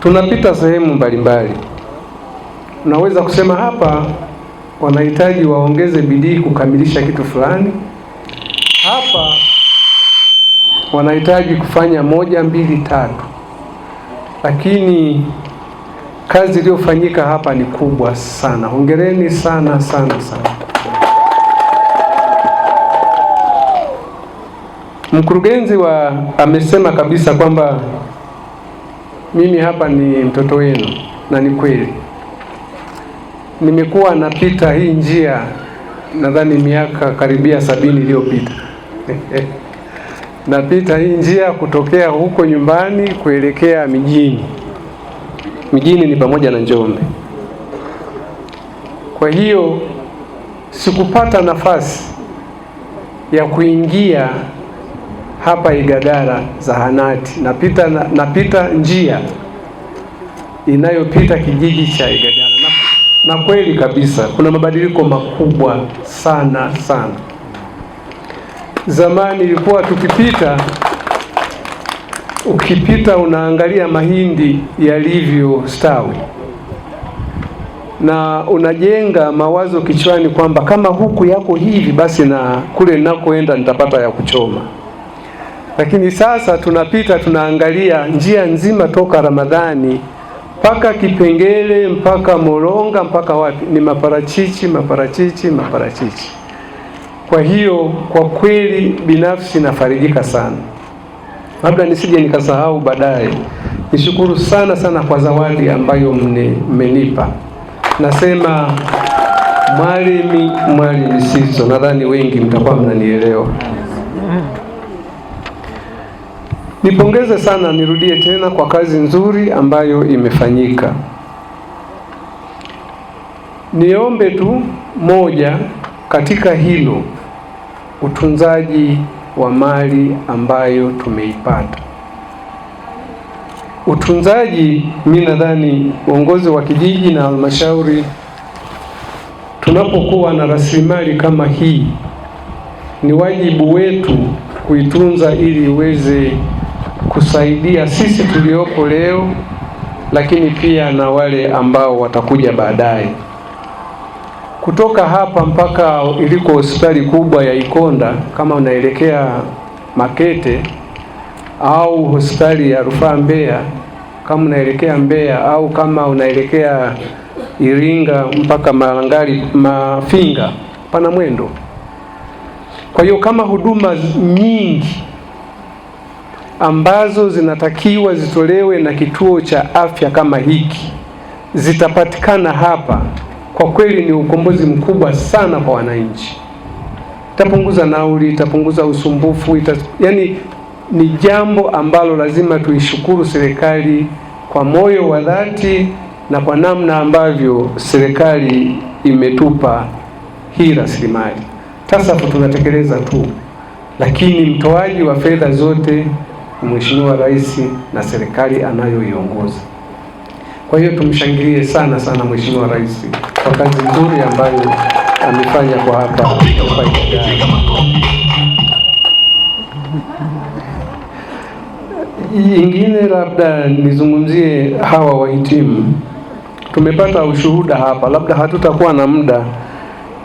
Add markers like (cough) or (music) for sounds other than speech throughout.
tunapita sehemu mbalimbali, unaweza kusema hapa wanahitaji waongeze bidii kukamilisha kitu fulani, hapa wanahitaji kufanya moja mbili tatu, lakini kazi iliyofanyika hapa ni kubwa sana. Hongereni sana sana sana. Mkurugenzi wa amesema kabisa kwamba mimi hapa ni mtoto wenu, na ni kweli nimekuwa napita hii njia nadhani miaka karibia sabini iliyopita (laughs) napita hii njia kutokea huko nyumbani kuelekea mijini. Mijini ni pamoja na Njombe. Kwa hiyo sikupata nafasi ya kuingia hapa igagara zahanati, napita, napita njia inayopita kijiji cha igagara na, na kweli kabisa kuna mabadiliko makubwa sana sana. Zamani ilikuwa tukipita ukipita unaangalia mahindi yalivyostawi na unajenga mawazo kichwani kwamba kama huku yako hivi, basi na kule ninakoenda nitapata ya kuchoma. Lakini sasa tunapita tunaangalia njia nzima toka Ramadhani mpaka Kipengele mpaka Moronga mpaka wapi, ni maparachichi maparachichi maparachichi. Kwa hiyo kwa kweli binafsi nafarijika sana, labda nisije nikasahau baadaye. Nishukuru sana sana kwa zawadi ambayo mmenipa. Nasema mwalimu Mwalimu sizo nadhani wengi mtakuwa mnanielewa. Nipongeze sana, nirudie tena kwa kazi nzuri ambayo imefanyika. Niombe tu moja katika hilo, utunzaji wa mali ambayo tumeipata. Utunzaji, mimi nadhani uongozi wa kijiji na halmashauri, tunapokuwa na rasilimali kama hii, ni wajibu wetu kuitunza ili iweze kusaidia sisi tuliopo leo, lakini pia na wale ambao watakuja baadaye. Kutoka hapa mpaka iliko hospitali kubwa ya Ikonda, kama unaelekea Makete au hospitali ya rufaa Mbeya kama unaelekea Mbeya au kama unaelekea Iringa mpaka Malangali Mafinga, pana mwendo. Kwa hiyo kama huduma nyingi ambazo zinatakiwa zitolewe na kituo cha afya kama hiki zitapatikana hapa, kwa kweli ni ukombozi mkubwa sana kwa wananchi. Itapunguza nauli, itapunguza usumbufu ita, yani ni jambo ambalo lazima tuishukuru serikali kwa moyo wa dhati na kwa namna ambavyo serikali imetupa hii rasilimali. TASAF tunatekeleza tu, lakini mtoaji wa fedha zote Mheshimiwa Rais na serikali anayoiongoza. Kwa hiyo tumshangilie sana sana Mheshimiwa Rais kwa kazi nzuri ambayo amefanya kwa hapa Ingine labda nizungumzie hawa wahitimu. Tumepata ushuhuda hapa, labda hatutakuwa na muda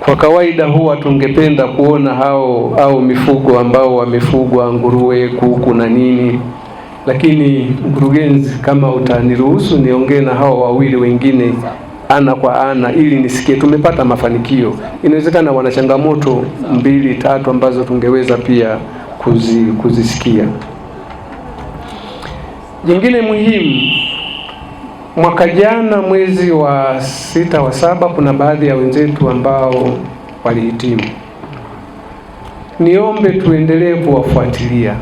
kwa kawaida huwa tungependa kuona hao au mifugo ambao wamefugwa nguruwe, kuku na nini, lakini mkurugenzi, kama utaniruhusu niongee na hao wawili wengine ana kwa ana ili nisikie tumepata mafanikio. Inawezekana wana changamoto mbili tatu ambazo tungeweza pia kuzi, kuzisikia. Jingine muhimu Mwaka jana mwezi wa sita wa saba, kuna baadhi ya wenzetu ambao walihitimu. Niombe tuendelee kuwafuatilia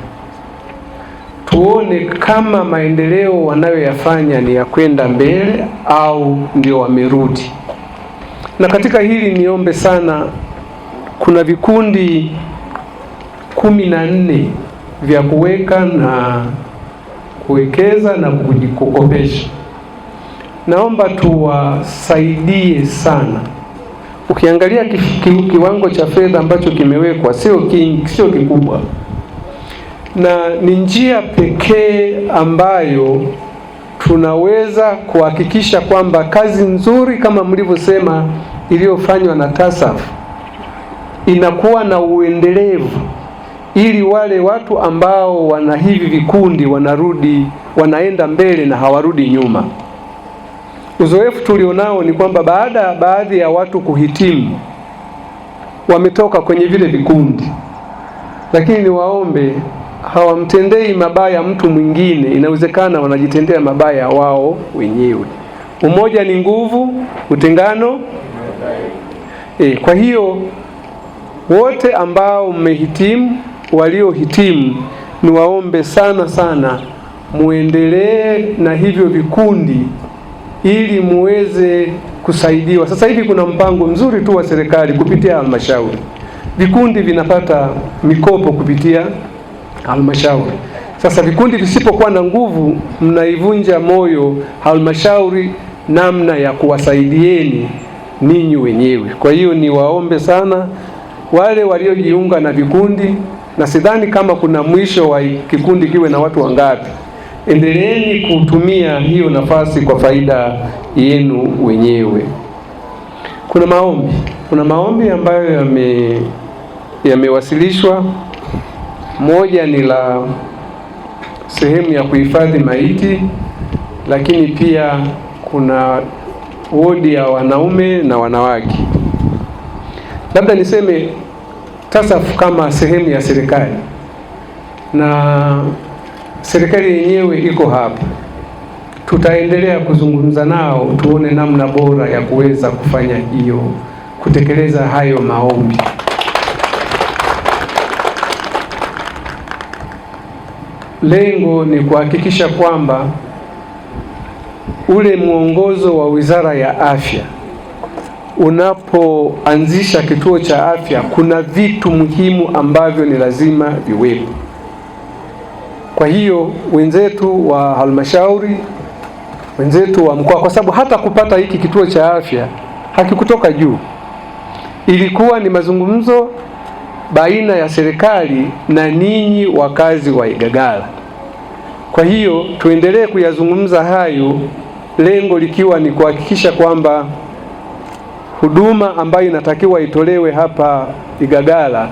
tuone kama maendeleo wanayoyafanya ni ya kwenda mbele au ndio wamerudi. Na katika hili niombe sana, kuna vikundi kumi na nne vya kuweka na kuwekeza na kukopesha naomba tuwasaidie sana. Ukiangalia kiwango cha fedha ambacho kimewekwa sio sio kikubwa, na ni njia pekee ambayo tunaweza kuhakikisha kwamba kazi nzuri kama mlivyosema iliyofanywa na TASAF inakuwa na uendelevu, ili wale watu ambao wana hivi vikundi wanarudi, wanaenda mbele na hawarudi nyuma. Uzoefu tulionao ni kwamba baada ya baadhi ya watu kuhitimu wametoka kwenye vile vikundi, lakini niwaombe, hawamtendei mabaya mtu mwingine, inawezekana wanajitendea mabaya wao wenyewe. Umoja ni nguvu, utengano e. Kwa hiyo wote ambao mmehitimu, waliohitimu, niwaombe sana sana muendelee na hivyo vikundi ili muweze kusaidiwa. Sasa hivi kuna mpango mzuri tu wa serikali kupitia halmashauri, vikundi vinapata mikopo kupitia halmashauri. Sasa vikundi visipokuwa na nguvu, mnaivunja moyo halmashauri namna ya kuwasaidieni ninyi wenyewe. Kwa hiyo niwaombe sana wale waliojiunga na vikundi, na sidhani kama kuna mwisho wa kikundi kiwe na watu wangapi endeleeni kutumia hiyo nafasi kwa faida yenu wenyewe. Kuna maombi, kuna maombi ambayo yame yamewasilishwa. Moja ni la sehemu ya kuhifadhi maiti, lakini pia kuna wodi ya wanaume na wanawake. Labda niseme TASAF kama sehemu ya serikali na serikali yenyewe iko hapa, tutaendelea kuzungumza nao, tuone namna bora ya kuweza kufanya hiyo kutekeleza hayo maombi. Lengo ni kuhakikisha kwamba ule mwongozo wa Wizara ya Afya unapoanzisha kituo cha afya, kuna vitu muhimu ambavyo ni lazima viwepo. Kwa hiyo wenzetu wa halmashauri, wenzetu wa mkoa, kwa sababu hata kupata hiki kituo cha afya hakikutoka juu, ilikuwa ni mazungumzo baina ya serikali na ninyi wakazi wa Igagala. Kwa hiyo tuendelee kuyazungumza hayo, lengo likiwa ni kuhakikisha kwamba huduma ambayo inatakiwa itolewe hapa Igagala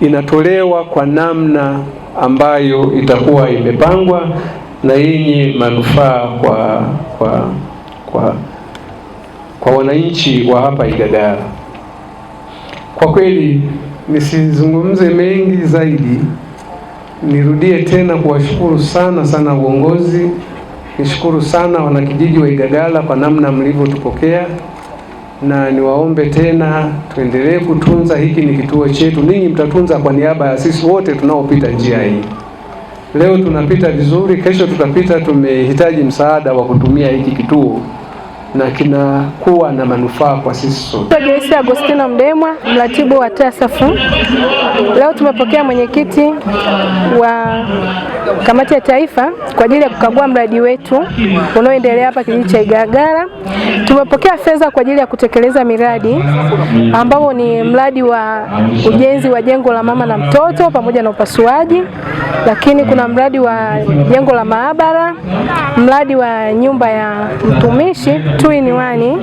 inatolewa kwa namna ambayo itakuwa imepangwa na yenye manufaa kwa kwa kwa kwa wananchi wa hapa Igagala. Kwa kweli nisizungumze mengi zaidi, nirudie tena kuwashukuru sana sana uongozi, nishukuru sana wanakijiji wa Igagala kwa namna mlivyotupokea na niwaombe tena tuendelee kutunza. Hiki ni kituo chetu, ninyi mtatunza kwa niaba ya sisi wote tunaopita njia hii. Leo tunapita vizuri, kesho tutapita tumehitaji msaada wa kutumia hiki kituo na kinakuwa na manufaa kwa sisi sote. Agostino Mdemwa, mratibu wa TASAF. Leo tumepokea mwenyekiti wa kamati ya taifa kwa ajili ya kukagua mradi wetu unaoendelea hapa kijiji cha Igalagala. Tumepokea fedha kwa ajili ya kutekeleza miradi ambao ni mradi wa ujenzi wa jengo la mama na mtoto pamoja na upasuaji, lakini kuna mradi wa jengo la maabara, mradi wa nyumba ya mtumishi two in one,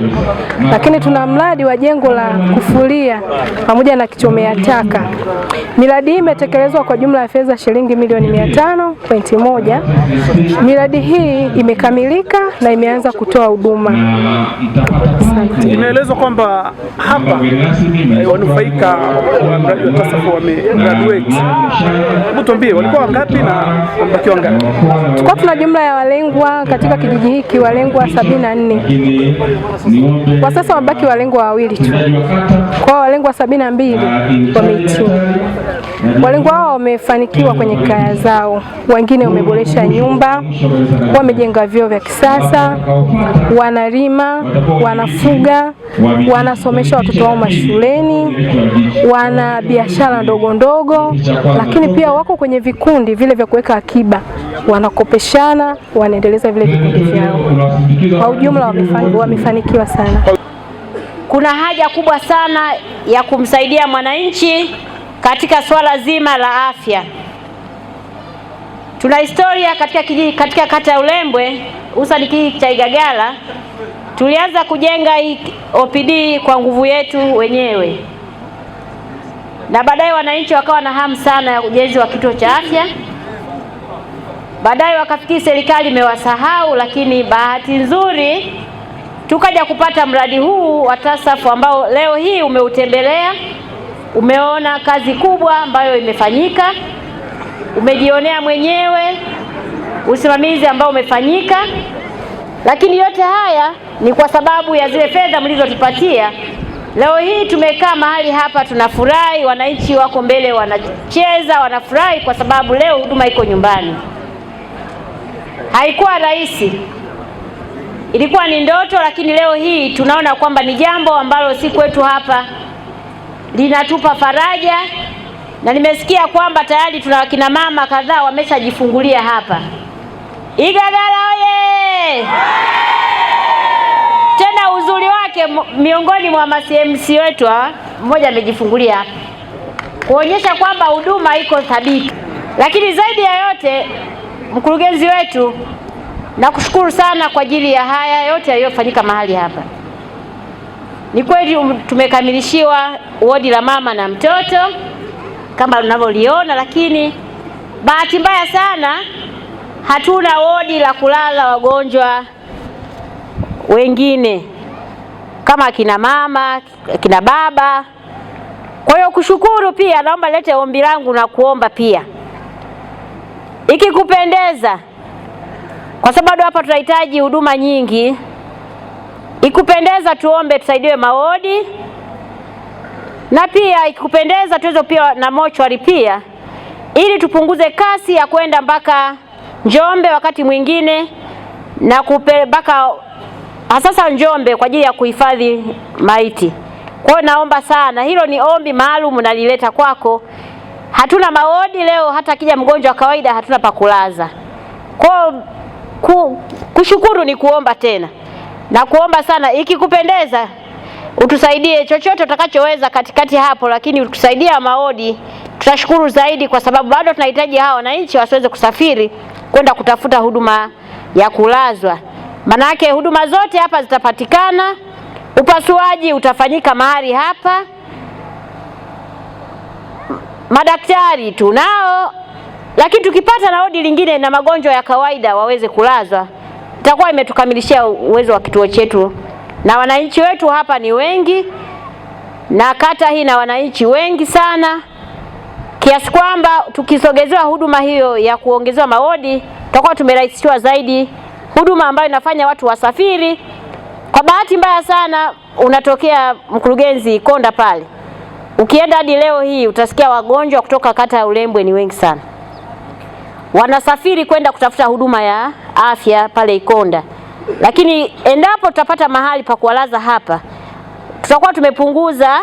lakini tuna mradi wa jengo la kufulia pamoja na kichomea taka. Miradi hii imetekelezwa kwa jumla ya fedha shilingi milioni 500.1. Miradi hii imekamilika na imeanza kutoa huduma. Inaelezwa kwamba hapa eh, wanufaika wa mradi wa TASAF wamegraduate. Hebu tuambie walikuwa wangapi na wamebakiwa ngapi? Tuko tuna jumla ya walengwa katika kijiji hiki walengwa 74. Kwa sasa wabaki walengwa wawili tu. Kwa walengwa 72 wamehitimu. Mm-hmm. Walengwa hao wamefanikiwa kwenye kaya zao, wengine wameboresha nyumba, wamejenga vyoo vya kisasa, wanalima, wanafuga, wanasomesha watoto wao mashuleni, wana biashara ndogo ndogo, lakini pia wako kwenye vikundi vile vya kuweka akiba, wanakopeshana, wanaendeleza vile vikundi vyao. Kwa ujumla wamefanikiwa sana. Kuna haja kubwa sana ya kumsaidia mwananchi katika swala zima la afya. Tuna historia katika kijiji, katika kata ya Ulembwe hususani kijiji cha Igagala tulianza kujenga OPD kwa nguvu yetu wenyewe na baadaye wananchi wakawa na hamu sana ya ujenzi wa kituo cha afya. Baadaye wakafikiri serikali imewasahau, lakini bahati nzuri tukaja kupata mradi huu wa TASAF ambao leo hii umeutembelea. Umeona kazi kubwa ambayo imefanyika, umejionea mwenyewe usimamizi ambao umefanyika, lakini yote haya ni kwa sababu ya zile fedha mlizotupatia. Leo hii tumekaa mahali hapa tunafurahi, wananchi wako mbele, wanacheza, wanafurahi kwa sababu leo huduma iko nyumbani. Haikuwa rahisi, ilikuwa ni ndoto, lakini leo hii tunaona kwamba ni jambo ambalo si kwetu hapa linatupa faraja, na nimesikia kwamba tayari tuna kina mama kadhaa wameshajifungulia hapa Igagala oye! Tena uzuri wake miongoni mwa MCMC wetu wetu ah, mmoja amejifungulia hapa kuonyesha kwamba huduma iko thabiti, lakini zaidi ya yote mkurugenzi wetu nakushukuru sana kwa ajili ya haya yote yaliyofanyika mahali hapa. Ni kweli um, tumekamilishiwa wodi la mama na mtoto kama unavyoliona, lakini bahati mbaya sana hatuna wodi la kulala wagonjwa wengine kama akina mama, akina baba. Kwa hiyo kushukuru pia, naomba lete ombi langu na kuomba pia, ikikupendeza, kwa sababu hapa tunahitaji huduma nyingi. Ikupendeza tuombe tusaidiwe maodi, na pia ikupendeza tuweze pia na mochwari pia, ili tupunguze kasi ya kwenda mpaka Njombe wakati mwingine na mpaka sasa Njombe kwa ajili ya kuhifadhi maiti. Kwa hiyo naomba sana, hilo ni ombi maalum nalileta kwako. Hatuna maodi leo, hata akija mgonjwa wa kawaida hatuna pa kulaza. Kwa hiyo kushukuru ni kuomba tena. Nakuomba sana ikikupendeza utusaidie chochote utakachoweza katikati hapo, lakini utusaidia maodi, tutashukuru zaidi, kwa sababu bado tunahitaji hawa wananchi wasiweze kusafiri kwenda kutafuta huduma ya kulazwa. Manake huduma zote hapa zitapatikana, upasuaji utafanyika mahali hapa, madaktari tunao, lakini tukipata na odi lingine na magonjwa ya kawaida waweze kulazwa itakuwa imetukamilishia uwezo wa kituo chetu, na wananchi wetu hapa ni wengi, na kata hii na wananchi wengi sana kiasi kwamba tukisogezewa huduma hiyo ya kuongezewa mawodi tutakuwa tumerahisishiwa zaidi huduma ambayo inafanya watu wasafiri. Kwa bahati mbaya sana, unatokea mkurugenzi konda pale, ukienda hadi leo hii utasikia wagonjwa kutoka kata ya Ulembwe ni wengi sana wanasafiri kwenda kutafuta huduma ya afya pale Ikonda, lakini endapo tutapata mahali pa kuwalaza hapa, tutakuwa tumepunguza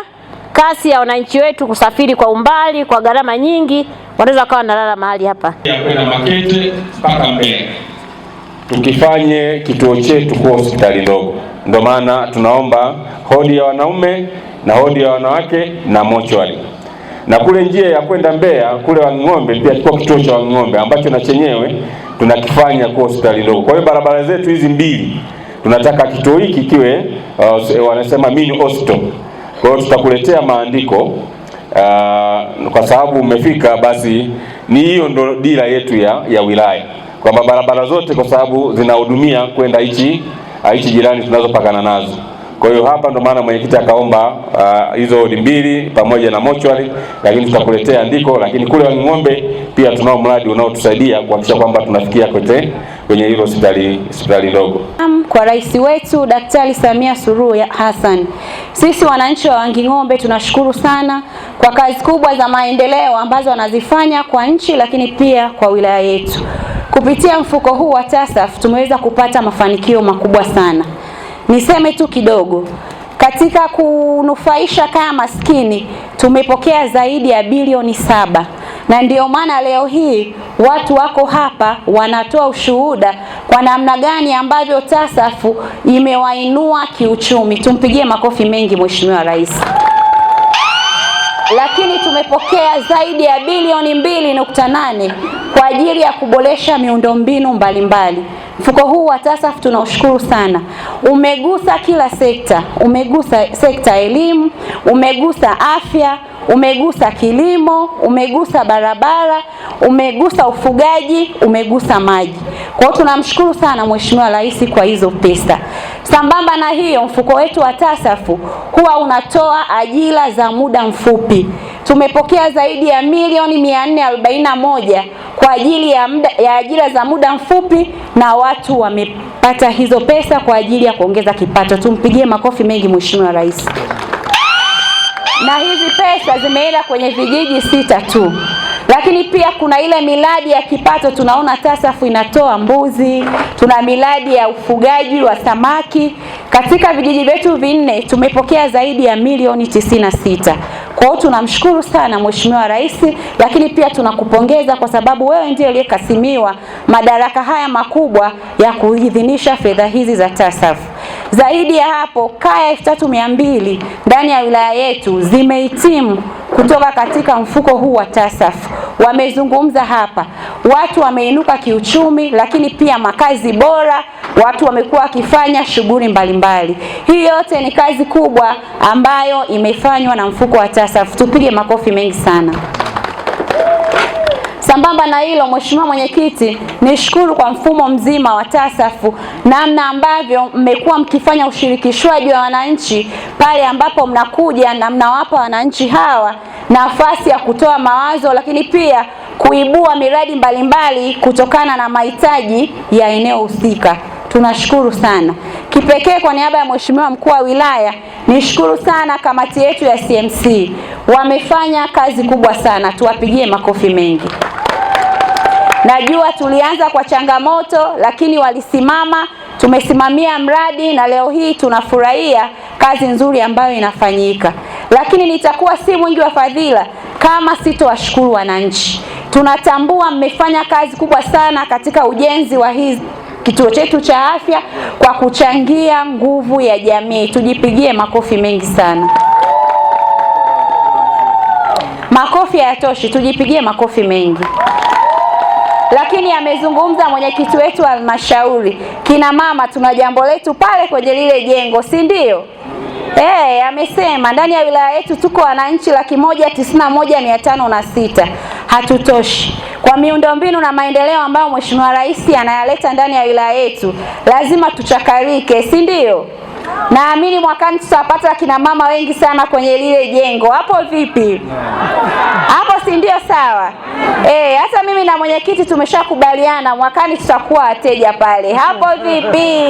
kasi ya wananchi wetu kusafiri kwa umbali, kwa gharama nyingi, wanaweza wakawa wanalala mahali hapa kwenda Makete mpaka Mbeya. Tukifanye kituo chetu kuwa hospitali ndogo, ndio maana tunaomba hodi ya wanaume na hodi ya wanawake na mochwali na kule njia ya kwenda Mbeya kule Wanging'ombe pia tulikuwa kituo cha Wanging'ombe ambacho na chenyewe tunakifanya kwa hospitali ndogo. Kwa hiyo barabara zetu hizi mbili tunataka kituo hiki kiwe uh, wanasema mini hospital. Kwa hiyo tutakuletea maandiko uh, kwa sababu umefika, basi ni hiyo ndo dira yetu ya, ya wilaya kwamba barabara zote kwa sababu zinahudumia kwenda hichi uh, hichi jirani tunazopakana nazo. Kwa hiyo hapa ndo maana mwenyekiti akaomba uh, hizo uh, mbili pamoja na mochwali, lakini tutakuletea andiko. Lakini kule Wanging'ombe pia tunao mradi unaotusaidia kuhakikisha kwamba tunafikia kote kwenye hilo hospitali hospitali ndogo. Kwa rais wetu Daktari Samia Suluhu Hassan, sisi wananchi wa Wanging'ombe tunashukuru sana kwa kazi kubwa za maendeleo ambazo wanazifanya kwa nchi, lakini pia kwa wilaya yetu. Kupitia mfuko huu wa TASAF tumeweza kupata mafanikio makubwa sana. Niseme tu kidogo katika kunufaisha kaya maskini tumepokea zaidi ya bilioni saba, na ndio maana leo hii watu wako hapa wanatoa ushuhuda kwa namna gani ambavyo TASAFU imewainua kiuchumi. Tumpigie makofi mengi Mheshimiwa Rais. Lakini tumepokea zaidi ya bilioni mbili nukta nane kwa ajili ya kuboresha miundombinu mbalimbali mbali. Mfuko huu wa TASAF tunaushukuru sana, umegusa kila sekta, umegusa sekta elimu, umegusa afya, umegusa kilimo, umegusa barabara, umegusa ufugaji, umegusa maji. Kwa hiyo tunamshukuru sana Mheshimiwa Rais kwa hizo pesa. Sambamba na hiyo, mfuko wetu wa TASAF huwa unatoa ajira za muda mfupi tumepokea zaidi ya milioni 441 kwa ajili ya, mda, ya ajira za muda mfupi na watu wamepata hizo pesa kwa ajili ya kuongeza kipato. Tumpigie makofi mengi Mheshimiwa Rais. Na hizi pesa zimeenda kwenye vijiji sita tu. Lakini pia kuna ile miradi ya kipato, tunaona TASAFU inatoa mbuzi, tuna miradi ya ufugaji wa samaki. Katika vijiji vyetu vinne tumepokea zaidi ya milioni tisini sita. Kwa hiyo tunamshukuru sana Mheshimiwa Rais, lakini pia tunakupongeza kwa sababu wewe ndiye uliyekasimiwa madaraka haya makubwa ya kuidhinisha fedha hizi za TASAFU. Zaidi ya hapo, kaya elfu tatu mia mbili ndani ya wilaya yetu zimehitimu kutoka katika mfuko huu wa TASAF. Wamezungumza hapa, watu wameinuka kiuchumi, lakini pia makazi bora, watu wamekuwa wakifanya shughuli mbalimbali. Hii yote ni kazi kubwa ambayo imefanywa na mfuko wa TASAF. Tupige makofi mengi sana. Sambamba na hilo, Mheshimiwa Mwenyekiti, nishukuru kwa mfumo mzima wa TASAFU namna ambavyo mmekuwa mkifanya ushirikishwaji wa wananchi pale ambapo mnakuja na mnawapa wananchi hawa nafasi ya kutoa mawazo, lakini pia kuibua miradi mbalimbali mbali kutokana na mahitaji ya eneo husika. Tunashukuru sana. Kipekee kwa niaba ya Mheshimiwa Mkuu wa Wilaya, nishukuru sana kamati yetu ya CMC. Wamefanya kazi kubwa sana. Tuwapigie makofi mengi. Najua tulianza kwa changamoto, lakini walisimama, tumesimamia mradi na leo hii tunafurahia kazi nzuri ambayo inafanyika. Lakini nitakuwa si mwingi wa fadhila kama sitowashukuru wananchi. Tunatambua mmefanya kazi kubwa sana katika ujenzi wa hizi kituo chetu cha afya kwa kuchangia nguvu ya jamii. Tujipigie makofi mengi sana. Makofi hayatoshi, tujipigie makofi mengi. Lakini amezungumza mwenyekiti wetu wa halmashauri, kina mama tuna jambo letu pale kwenye lile jengo, si ndio? Hey, eh, amesema ndani ya wilaya yetu tuko wananchi laki moja tisini na moja mia tano na sita. Hatutoshi kwa miundombinu na maendeleo ambayo Mheshimiwa Rais anayaleta ndani ya wilaya yetu, lazima tuchakarike, si ndio? Naamini mwakani tutawapata kina mama wengi sana kwenye lile jengo. Hapo vipi? Hapo si ndio sawa? Eh, hata mimi na mwenyekiti tumeshakubaliana mwakani tutakuwa wateja pale. Hapo vipi?